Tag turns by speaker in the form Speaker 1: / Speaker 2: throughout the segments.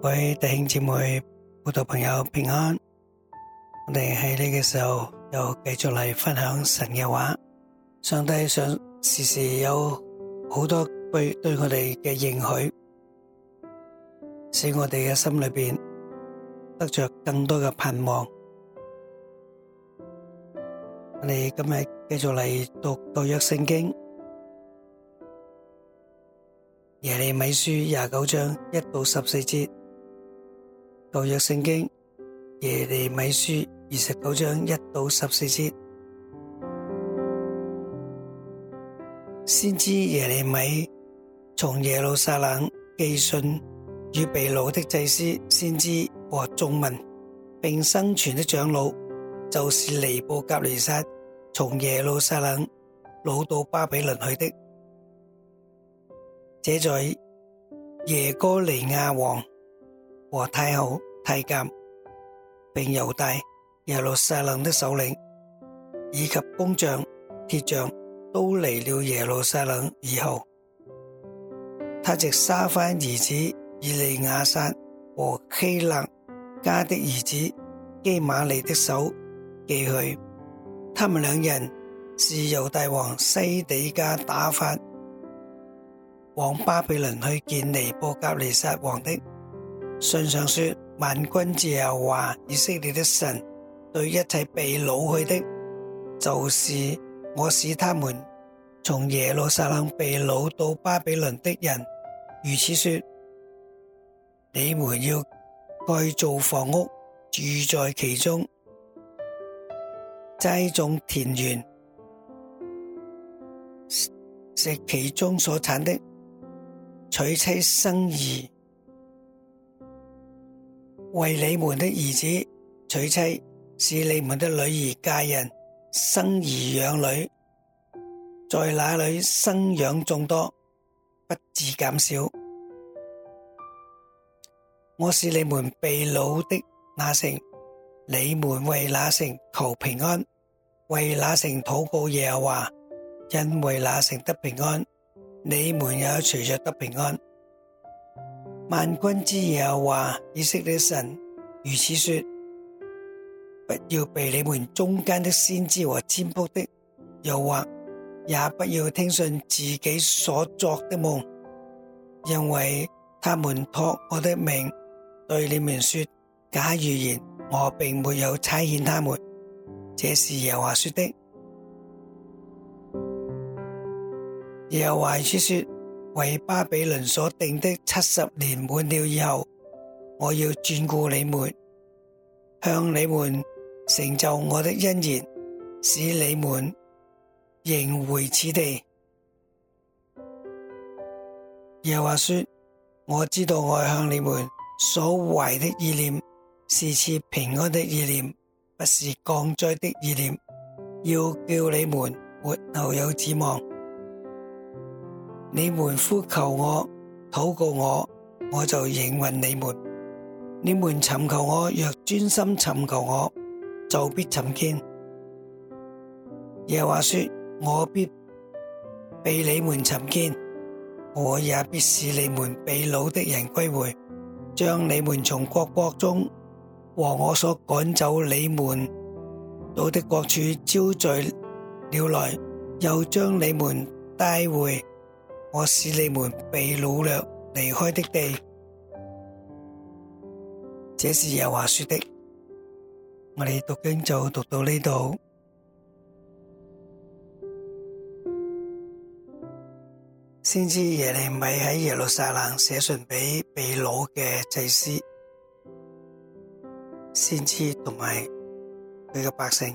Speaker 1: 各位弟兄姐妹、信徒朋友平安，我哋喺呢個時候又繼續嚟分享神嘅話，上帝想時時有好多對對我哋嘅應許，使我哋嘅心裏邊得着更多嘅盼望。我哋今日繼續嚟讀舊約聖經，耶利米書廿九章一到十四節。舊約聖經耶利米書二十九章一到十四節，先知耶利米從耶路撒冷寄信與被擄的祭司、先知和眾民，並生存的長老，就是尼布甲尼撒從耶路撒冷擄到巴比倫去的。這在耶哥尼亞王。和太后太監，並猶大耶路撒冷的首領，以及工匠、鐵匠都嚟了耶路撒冷。以後，他藉沙番兒子以利亞撒和希勒家的兒子基瑪利的手寄去，他們兩人是由大王西底加打發往巴比倫去見尼布格利撒王的。信上說，萬軍之耶和華以色列的神對一切被擄去的，就是我使他們從耶路撒冷被擄到巴比倫的人，如此說：你們要蓋造房屋，住在其中，栽種田園，食其中所產的，娶妻生兒。為你們的兒子娶妻，使你們的女兒嫁人，生兒養女，在那裏生養眾多，不至減少。我是你們被擄的那城，你們為那城求平安，為那城禱告耶和華，因為那城得平安，你們也隨着得平安。萬軍之耶和華以色列神如此說：不要被你們中間的先知和占卜的誘惑，也不要聽信自己所作的夢，因為他們託我的命對你們說假預言，我並沒有差遣他們，這是耶和華說的。耶和華說說。為巴比倫所定的七十年滿了以後，我要眷顧你們，向你們成就我的恩言，使你們仍回此地。又話說：我知道我向你們所懷的意念是賜平安的意念，不是降災的意念，要叫你們末後有指望。你們呼求我、禱告我，我就應允你們；你們尋求我，若專心尋求我，就必尋見。耶和華說：我必被你們尋見，我也必使你們被擄的人歸回，將你們從各國中和我所趕走你們到的各處招聚了來，又將你們帶回。我使你們被擄掠離開的地，這是耶華說的。我哋讀經就讀到呢度，先知耶利米喺耶路撒冷寫信俾被擄嘅祭司、先知同埋佢嘅百姓。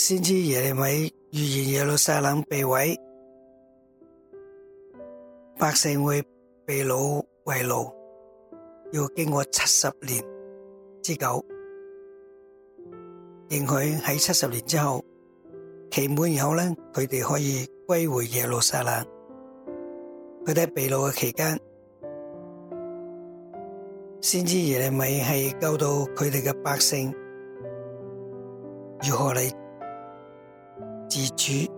Speaker 1: 先知耶利米預言耶路撒冷被毀，百姓會被擄為奴，要經過七十年之久。令佢喺七十年之後期滿以後呢，佢哋可以歸回耶路撒冷。佢哋喺被擄嘅期間，先知耶利米係救到佢哋嘅百姓如何嚟。業主，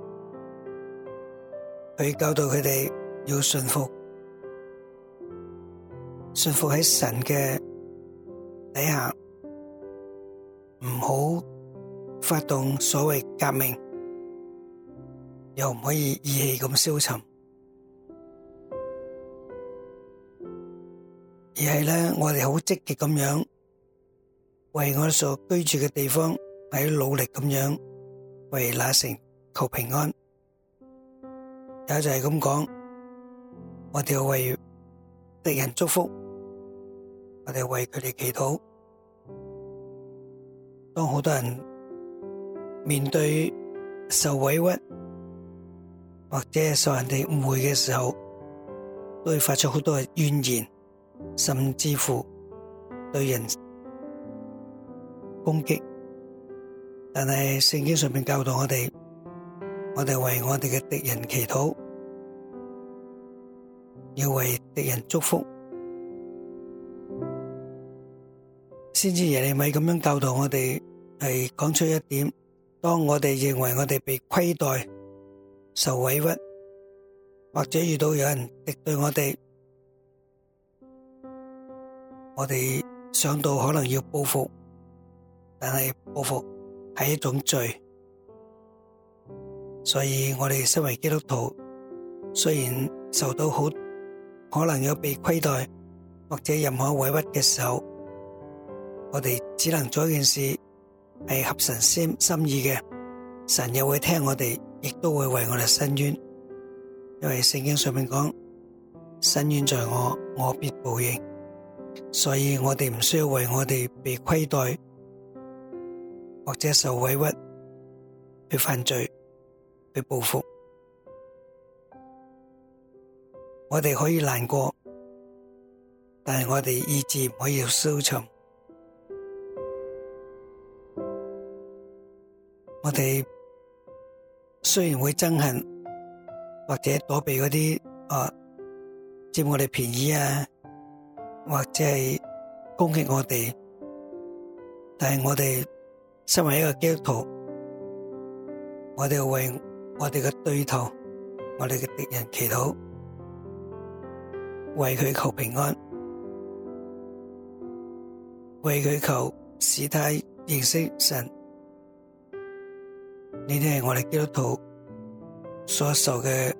Speaker 1: 去教導佢哋要信服，信服喺神嘅底下，唔好發動所謂革命，又唔可以意氣咁消沉，而係咧，我哋好積極咁樣為我所居住嘅地方喺努力咁樣為那城。求平安，也就係咁講。我哋為敵人祝福，我哋為佢哋祈禱。當好多人面對受委屈，或者受人哋誤會嘅時候，都會發出好多嘅怨言，甚至乎對人攻擊。但係聖經上面教導我哋。我哋為我哋嘅敵人祈禱，要為敵人祝福，先知耶利米咁樣教導我哋，係講出一點：當我哋認為我哋被虧待、受委屈，或者遇到有人敵對我哋，我哋想到可能要報復，但係報復係一種罪。所以我哋身為基督徒，雖然受到好可能有被虧待或者任何委屈嘅時候，我哋只能做一件事係合神心意嘅，神又會聽我哋，亦都會為我哋伸冤，因為聖經上面講伸冤在我，我必報應，所以我哋唔需要為我哋被虧待或者受委屈去犯罪。被報復，我哋可以難過，但係我哋意志唔可以收場。我哋雖然會憎恨，或者躲避嗰啲啊，佔我哋便宜啊，或者係攻擊我哋，但係我哋身為一個基督徒，我哋會我哋嘅對頭，我哋嘅敵人，祈禱為佢求平安，為佢求使佢認識神。呢啲係我哋基督徒所受嘅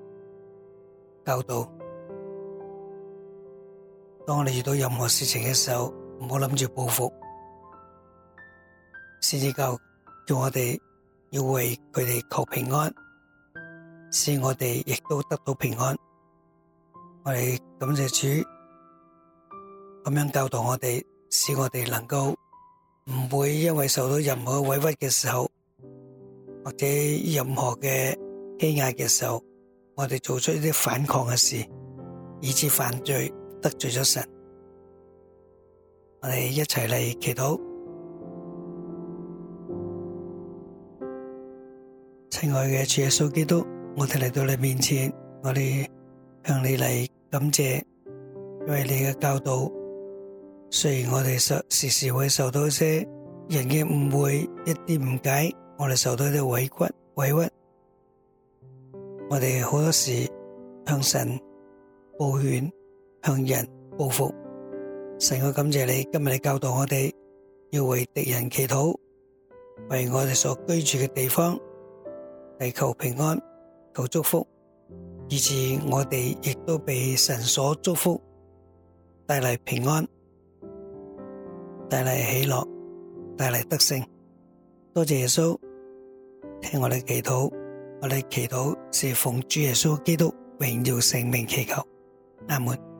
Speaker 1: 教導。當我哋遇到任何事情嘅時候，唔好諗住報復，十字架，叫我哋要為佢哋求平安。使我哋亦都得到平安，我哋感謝主咁樣教導我哋，使我哋能夠唔會因為受到任何委屈嘅時候，或者任何嘅欺壓嘅時候，我哋做出一啲反抗嘅事，以致犯罪得罪咗神。我哋一齊嚟祈禱，親愛嘅主耶穌基督。我哋嚟到你面前，我哋向你嚟感謝，因為你嘅教導。雖然我哋實時時會受到一些人嘅誤會、一啲誤解，我哋受到一啲委屈、委屈。我哋好多時向神抱怨，向人報復。神，我感謝你今日嚟教導我哋要為敵人祈禱，為我哋所居住嘅地方祈求平安。求祝福，以至我哋亦都被神所祝福，帶嚟平安，帶嚟喜樂，帶嚟得勝。多謝耶穌聽我哋祈禱，我哋祈禱是奉主耶穌基督榮耀聖名祈求，阿門。